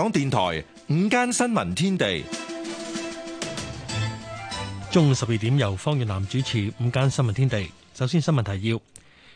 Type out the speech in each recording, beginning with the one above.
香港電台午間新聞天地，中午十二點由方月南主持《午間新聞天地》。首先新聞提要：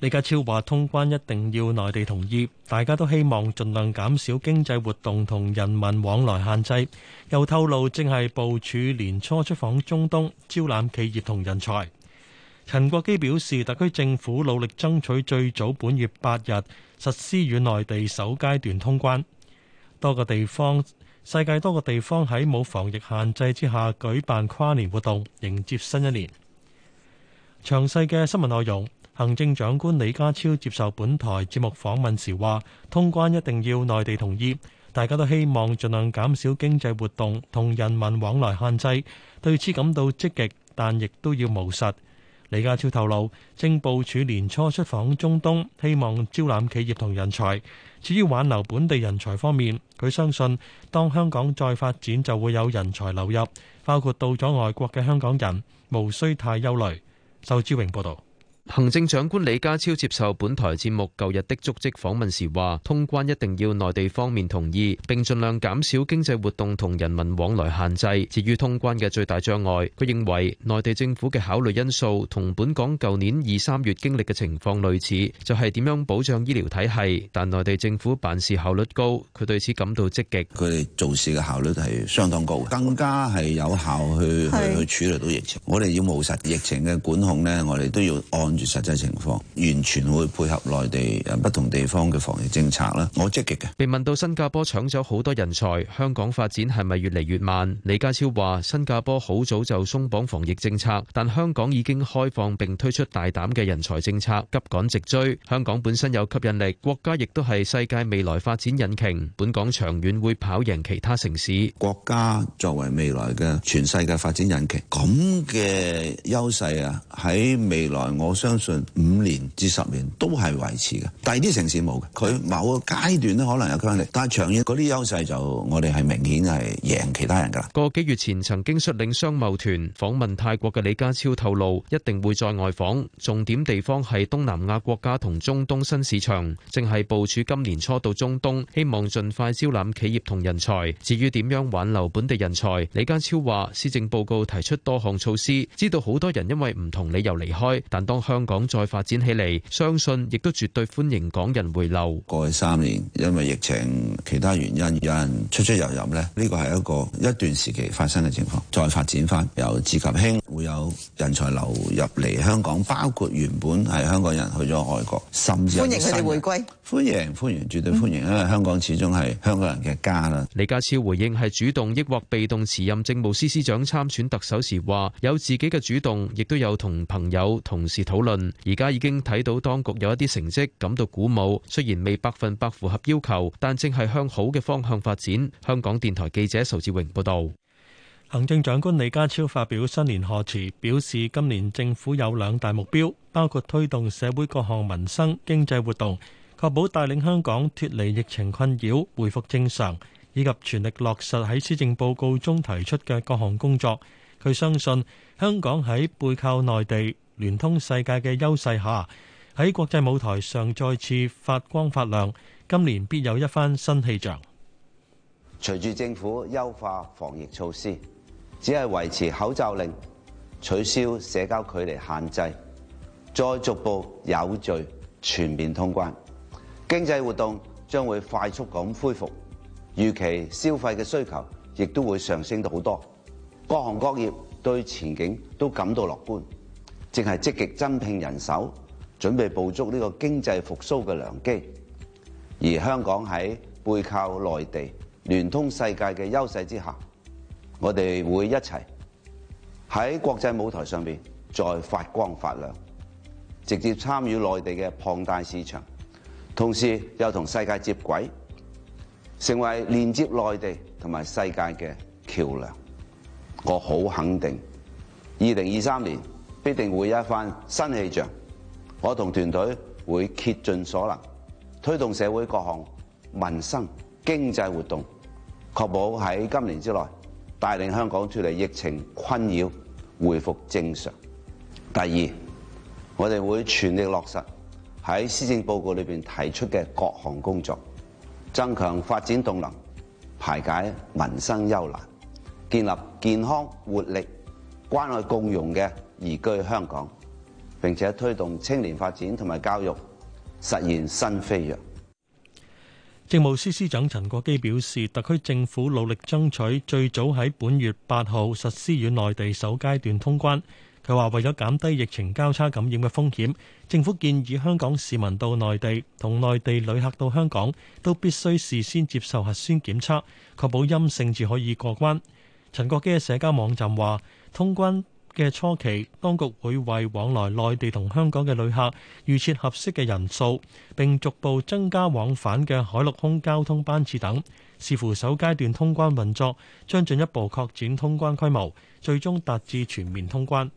李家超話通關一定要內地同意，大家都希望盡量減少經濟活動同人民往來限制。又透露正係部署年初出訪中東，招攬企業同人才。陳國基表示，特區政府努力爭取最早本月八日實施與內地首階段通關。多個地方，世界多個地方喺冇防疫限制之下舉辦跨年活動迎接新一年。詳細嘅新聞內容，行政長官李家超接受本台節目訪問時話，通關一定要內地同意，大家都希望盡量減少經濟活動同人民往來限制，對此感到積極，但亦都要務實。李家超透露，正部署年初出訪中東，希望招攬企業同人才。至於挽留本地人才方面，佢相信當香港再發展就會有人才流入，包括到咗外國嘅香港人，無需太憂慮。仇志榮報導。行政長官李家超接受本台節目舊日的足跡訪問時話，通關一定要內地方面同意，並盡量減少經濟活動同人民往來限制。至於通關嘅最大障礙，佢認為內地政府嘅考慮因素同本港舊年二三月經歷嘅情況類似，就係點樣保障醫療體系。但內地政府辦事效率高，佢對此感到積極。佢哋做事嘅效率係相當高，更加係有效去去，去處理到疫情。我哋要務實疫情嘅管控呢，我哋都要按。住實際情況，完全會配合內地誒不同地方嘅防疫政策啦。我積極嘅。被問到新加坡搶走好多人才，香港發展係咪越嚟越慢？李家超話：新加坡好早就鬆綁防疫政策，但香港已經開放並推出大膽嘅人才政策，急趕直追。香港本身有吸引力，國家亦都係世界未來發展引擎。本港長遠會跑贏其他城市，國家作為未來嘅全世界發展引擎，咁嘅優勢啊，喺未來我想。相信五年至十年都係維持嘅，但係啲城市冇嘅，佢某個階段都可能有吸引力，但係長遠嗰啲優勢就我哋係明顯係贏其他人㗎啦。個幾月前曾經率領商貿團訪問泰國嘅李家超透露，一定會再外訪，重點地方係東南亞國家同中東新市場，正係部署今年初到中東，希望盡快招攬企業同人才。至於點樣挽留本地人才，李家超話，施政報告提出多項措施，知道好多人因為唔同理由離開，但當向香港再發展起嚟，相信亦都絕對歡迎港人回流。過去三年，因為疫情其他原因，有人出出入入咧，呢個係一個一段時期發生嘅情況，再發展翻，由治及興會有人才流入嚟香港，包括原本係香港人去咗外國，甚至歡迎佢哋回歸，歡迎歡迎，絕對歡迎，嗯、因為香港始終係香港人嘅家啦。嗯、李家超回應係主動抑或被動辭任政務司司長參選特首時話：有自己嘅主動，亦都有同朋友同事討論。而家已經睇到當局有一啲成績，感到鼓舞。雖然未百分百符合要求，但正係向好嘅方向發展。香港電台記者仇志榮報道，行政長官李家超發表新年賀詞，表示今年政府有兩大目標，包括推動社會各項民生經濟活動，確保帶領香港脫離疫情困擾，回復正常，以及全力落實喺施政報告中提出嘅各項工作。佢相信香港喺背靠內地，聯通世界嘅優勢下，喺國際舞台上再次發光發亮，今年必有一番新氣象。隨住政府優化防疫措施，只係維持口罩令，取消社交距離限制，再逐步有序全面通關，經濟活動將會快速咁恢復，預期消費嘅需求亦都會上升到好多，各行各業對前景都感到樂觀。正係積極增聘人手，準備捕捉呢個經濟復甦嘅良機。而香港喺背靠內地、聯通世界嘅優勢之下，我哋會一齊喺國際舞台上面再發光發亮，直接參與內地嘅龐大市場，同時又同世界接軌，成為連接內地同埋世界嘅橋梁。我好肯定，二零二三年，必定會有一番新氣象。我同團隊會竭盡所能推動社會各項民生經濟活動，確保喺今年之內帶領香港脫離疫情困擾，恢復正常。第二，我哋會全力落實喺施政報告裏邊提出嘅各項工作，增強發展動能，排解民生憂難，建立健康活力、關愛共融嘅。移居香港，並且推動青年發展同埋教育，實現新飛躍。政務司司長陳國基表示，特區政府努力爭取最早喺本月八號實施與內地首階段通關。佢話為咗減低疫情交叉感染嘅風險，政府建議香港市民到內地同內地旅客到香港都必須事先接受核酸檢測，確保陰性至可以過關。陳國基嘅社交網站話通關嘅初期，當局會為往來內地同香港嘅旅客預設合適嘅人數，並逐步增加往返嘅海陸空交通班次等。視乎首階段通關運作，將進一步擴展通關規模，最終達至全面通關。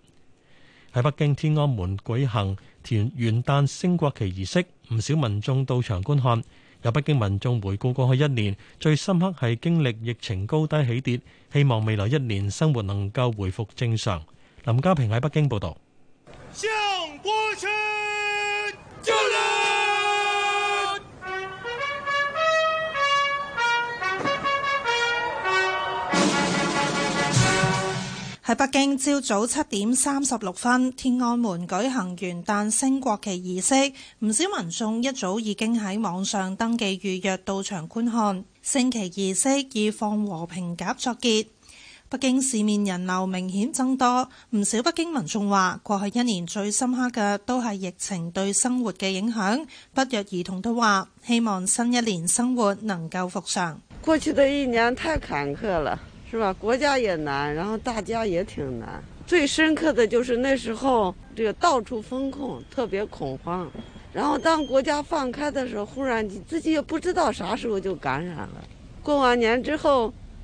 喺北京天安門舉行團元旦升國旗儀式，唔少民眾到場觀看。有北京民眾回顧過去一年，最深刻係經歷疫情高低起跌，希望未來一年生活能夠回復正常。林家平，喺北京報道，向國旗敬禮。喺北京，朝早七點三十六分，天安門舉行元旦升國旗儀式，唔少民眾一早已經喺網上登記預約到場觀看升旗儀式，以放和平鴿作結。北京市面人流明顯增多，唔少北京民眾話過去一年最深刻嘅都係疫情對生活嘅影響，不約而同都話希望新一年生活能夠復常。過去的一年太坎坷了，是吧？國家也難，然後大家也挺難。最深刻的就是那時候，這個到處封控，特別恐慌。然後當國家放開的時候，忽然自己也不知道啥時候就感染了。過完年之後。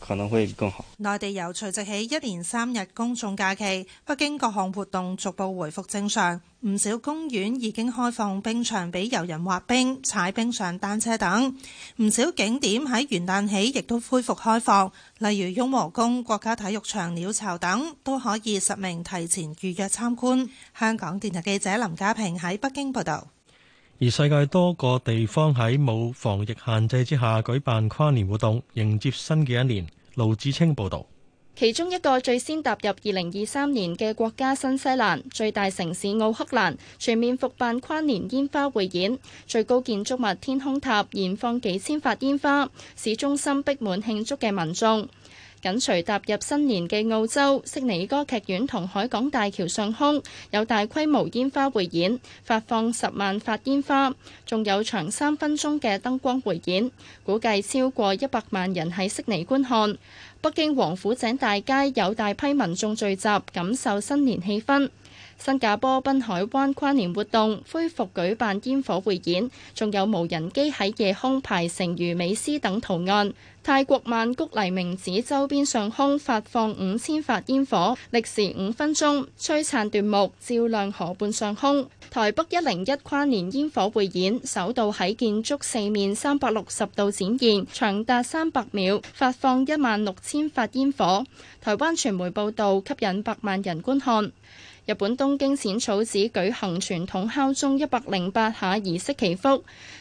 可能會更好。內地由除夕起一連三日公眾假期，北京各項活動逐步回復正常，唔少公園已經開放冰場俾遊人滑冰、踩冰上單車等，唔少景點喺元旦起亦都恢復開放，例如雍和宮、國家體育場、鳥巢等都可以實名提前預約參觀。香港電台記者林家平喺北京報道。而世界多個地方喺冇防疫限制之下舉辦跨年活動迎接新嘅一年，盧志清報道。其中一個最先踏入二零二三年嘅國家新西蘭最大城市奧克蘭全面復辦跨年煙花匯演，最高建築物天空塔燃放幾千發煙花，市中心逼滿慶祝嘅民眾。緊隨踏入新年嘅澳洲悉尼歌劇院同海港大橋上空，有大規模煙花匯演，發放十萬發煙花，仲有長三分鐘嘅燈光匯演，估計超過一百萬人喺悉尼觀看。北京王府井大街有大批民眾聚集，感受新年氣氛。新加坡濱海灣跨年活動恢復舉辦煙火匯演，仲有無人機喺夜空排成魚尾獅等圖案。泰國曼谷黎明寺周邊上空發放五千發煙火，歷時五分鐘，璀璨奪目，照亮河畔上空。台北一零一跨年煙火匯演首度喺建築四面三百六十度展現，長達三百秒，發放一萬六千發煙火。台灣傳媒報導，吸引百萬人觀看。日本東京淺草寺舉行傳統敲鐘一百零八下儀式祈福，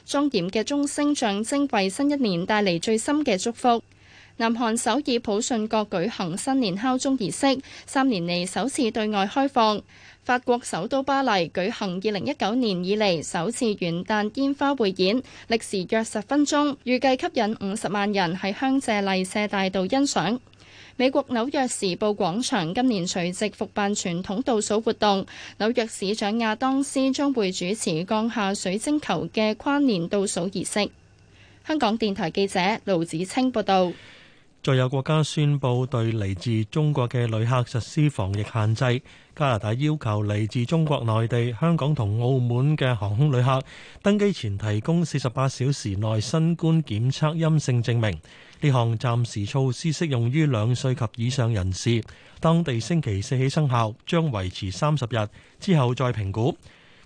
莊嚴嘅鐘聲象徵為新一年帶嚟最深嘅祝福。南韓首爾普信閣舉行新年敲鐘儀式，三年嚟首次對外開放。法國首都巴黎舉行二零一九年以嚟首次元旦煙花匯演，歷時約十分鐘，預計吸引五十萬人喺香榭麗舍大道欣賞。美國紐約時報廣場今年隨即復辦傳統倒數活動，紐約市長亞當斯將會主持降下水晶球嘅跨年倒數儀式。香港電台記者盧子清報道。再有國家宣布對嚟自中國嘅旅客實施防疫限制。加拿大要求嚟自中國內地、香港同澳門嘅航空旅客登機前提供四十八小時內新冠檢測陰性證明。呢項暫時措施適，適用於兩歲及以上人士，當地星期四起生效，將維持三十日，之後再評估。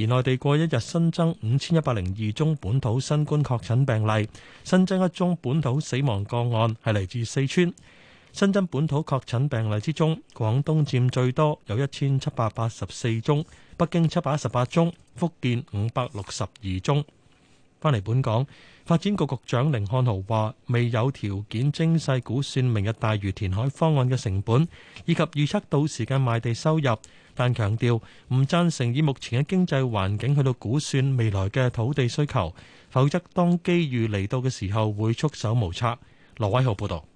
而內地過一日新增五千一百零二宗本土新冠確診病例，新增一宗本土死亡個案係嚟自四川。新增本土確診病例之中，廣東佔最多，有一千七百八十四宗；北京七百一十八宗；福建五百六十二宗。翻嚟本港，發展局局長甯漢豪話：未有條件精細估算明日大嶼填海方案嘅成本，以及預測到時間賣地收入。但強調唔贊成以目前嘅經濟環境去到估算未來嘅土地需求，否則當機遇嚟到嘅時候會束手無策。羅偉豪報道。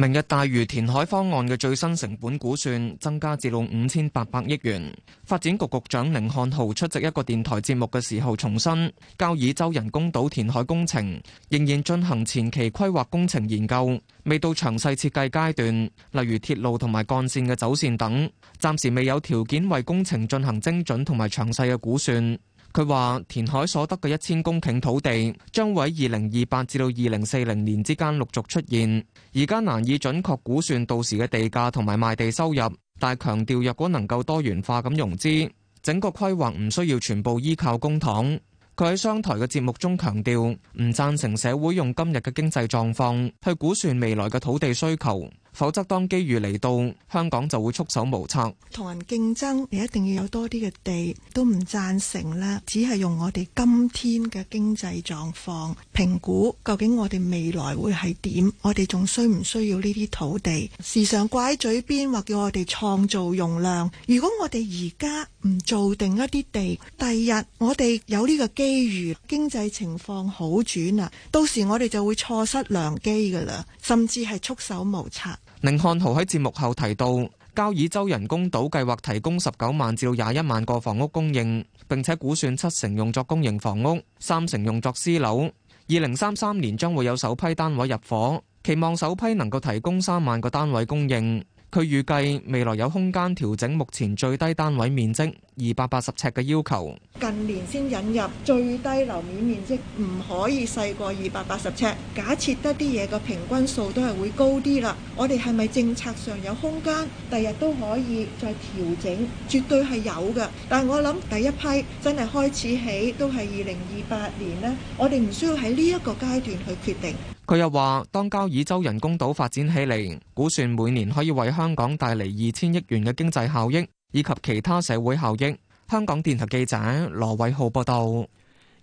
明日大嶼填海方案嘅最新成本估算增加至到五千八百億元。發展局局長甯漢豪出席一個電台節目嘅時候重申，交椅洲人工島填海工程仍然進行前期規劃工程研究，未到詳細設計階段，例如鐵路同埋幹線嘅走綫等，暫時未有條件為工程進行精準同埋詳細嘅估算。佢話：填海所得嘅一千公頃土地，將會喺二零二八至到二零四零年之間陸續出現。而家難以準確估算到時嘅地價同埋賣地收入，但係強調，如果能夠多元化咁融資，整個規劃唔需要全部依靠公帑。佢喺商台嘅節目中強調，唔贊成社會用今日嘅經濟狀況去估算未來嘅土地需求。否則當機遇嚟到，香港就會束手無策。同人競爭，你一定要有多啲嘅地，都唔贊成啦。只係用我哋今天嘅經濟狀況評估，究竟我哋未來會係點？我哋仲需唔需要呢啲土地？時常掛喺嘴邊，話叫我哋創造容量。如果我哋而家唔做定一啲地，第日我哋有呢個機遇，經濟情況好轉啦，到時我哋就會錯失良機㗎喇，甚至係束手無策。寧漢豪喺節目後提到，交椅洲人工島計劃提供十九萬至廿一萬個房屋供應，並且估算，七成用作公營房屋，三成用作私樓。二零三三年將會有首批單位入伙，期望首批能夠提供三萬個單位供應。佢預計未來有空間調整目前最低單位面積。二百八十尺嘅要求，近年先引入最低樓面面積唔可以細過二百八十尺。假設得啲嘢嘅平均數都係會高啲啦，我哋係咪政策上有空間，第日都可以再調整？絕對係有嘅。但係我諗第一批真係開始起都係二零二八年咧，我哋唔需要喺呢一個階段去決定。佢又話，當交椅洲人工島發展起嚟，估算每年可以為香港帶嚟二千億元嘅經濟效益。以及其他社會效益。香港電台記者羅偉浩報道，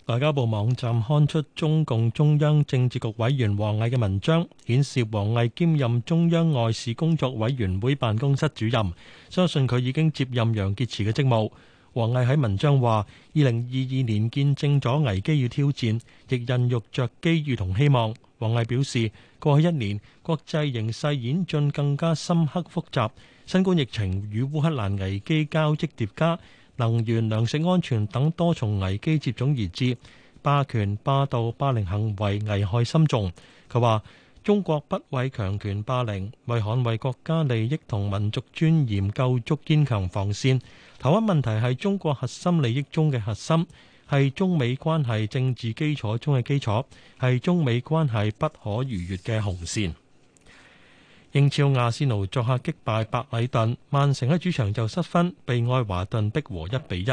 外交部網站刊出中共中央政治局委員王毅嘅文章，顯示王毅兼任中央外事工作委員會辦公室主任，相信佢已經接任楊潔篪嘅職務。王毅喺文章話：二零二二年見證咗危機與挑戰，亦孕育著機遇同希望。王毅表示，過去一年國際形勢演進更加深刻複雜，新冠疫情與烏克蘭危機交織疊加，能源、糧食安全等多重危機接踵而至，霸權、霸道、霸凌行為危害深重。佢話：中國不畏強權霸凌，為捍衛國家利益同民族尊嚴，構築堅強防線。台灣問題係中國核心利益中嘅核心，係中美關係政治基礎中嘅基礎，係中美關係不可逾越嘅紅線。英超阿仙奴作客擊敗白禮頓，曼城喺主場就失分，被愛華頓逼和一比一。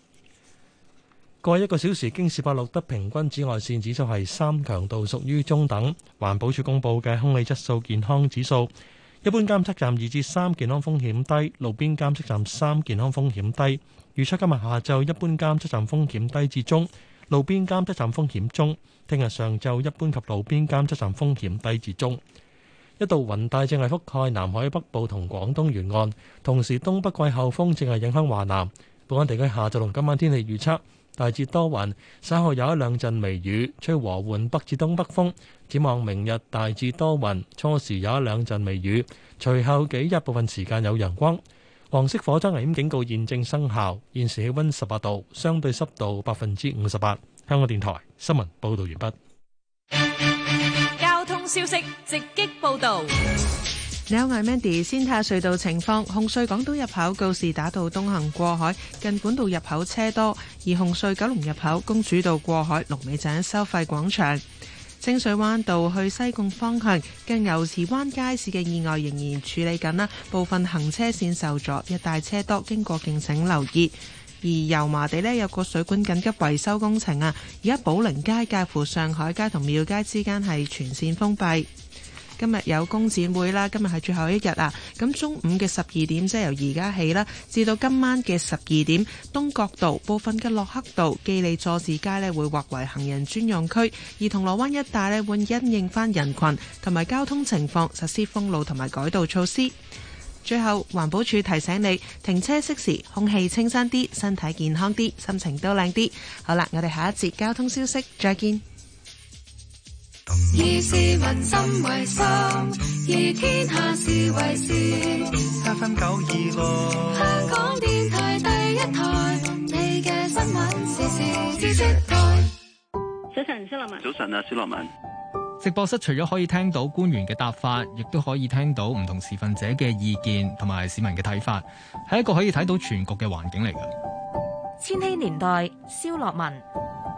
過一個小時，京士柏錄得平均紫外線指數係三強度，屬於中等。環保署公布嘅空氣質素健康指數，一般監測站二至三，健康風險低，路邊監測站三，健康風險低。預測今日下晝一般監測站風險低至中，路邊監測站風險中。聽日上晝一般及路邊監測站風險低至中。一道雲帶正係覆蓋南海北部同廣東沿岸，同時東北季候風正係影響華南。本港地區下晝同今晚天氣預測。大致多雲，稍後有一兩陣微雨，吹和緩北至東北風。展望明日大致多雲，初時有一兩陣微雨，隨後幾日部分時間有陽光。黃色火災危險警告現正生效。現時氣溫十八度，相對濕度百分之五十八。香港電台新聞報道完畢。交通消息直擊報道。你好，我係 Mandy。先睇下隧道情況，紅隧港島入口告士打道東行過海，近管道入口車多；而紅隧九龍入口公主道過海，龍尾站收費廣場、清水灣道去西貢方向，近牛池灣街市嘅意外仍然處理緊啦，部分行車線受阻，一帶車多，經過敬請留意。而油麻地呢，有個水管緊急維修工程啊，而家寶靈街介乎上海街同廟街之間係全線封閉。今日有工展會啦，今日係最後一日啊！咁中午嘅十二點，即係由而家起啦，至到今晚嘅十二點，東角道、部分嘅駱克道、記利佐治街呢會劃為行人專用區，而銅鑼灣一帶呢會因應翻人群同埋交通情況實施封路同埋改道措施。最後，環保署提醒你，停車熄匙，空氣清新啲，身體健康啲，心情都靚啲。好啦，我哋下一節交通消息，再見。以市民心為心，以天下事為事。七分九二六，香港電台第一台，你嘅新聞時事資訊台。早晨，蕭樂文。早晨啊，蕭樂文。直播室除咗可以聽到官員嘅答法，亦都可以聽到唔同持份者嘅意見同埋市民嘅睇法，係一個可以睇到全局嘅環境嚟㗎。千禧年代，蕭樂文。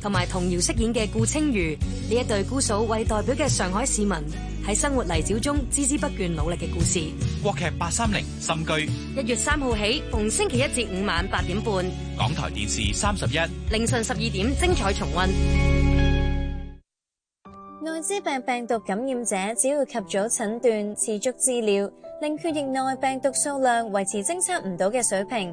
同埋童瑤飾演嘅顧清俞呢一對姑嫂為代表嘅上海市民喺生活泥沼中孜孜不倦努力嘅故事。國劇八三零心居，一月三號起，逢星期一至五晚八點半，港台電視三十一，凌晨十二點精彩重温。艾滋病病毒感染者只要及早診斷，持續治療，令血液內病毒數量維持偵測唔到嘅水平。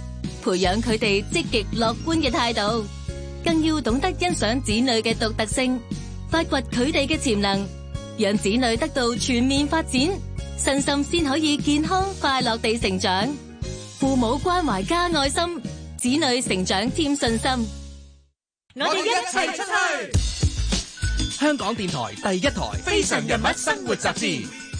培養佢哋積極樂觀嘅態度，更要懂得欣賞子女嘅獨特性，發掘佢哋嘅潛能，讓子女得到全面發展，身心先可以健康快樂地成長。父母關懷加愛心，子女成長添信心。我哋一齊出去。香港電台第一台《非常人物生活雜誌》。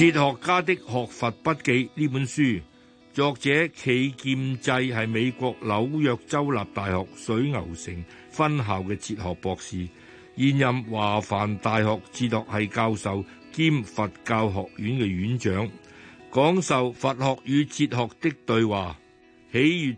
哲學家的學佛筆記呢本書，作者冀劍制，係美國紐約州立大學水牛城分校嘅哲學博士，現任華梵大學哲學系教授兼佛教學院嘅院長，講授佛學與哲學的對話，喜悅。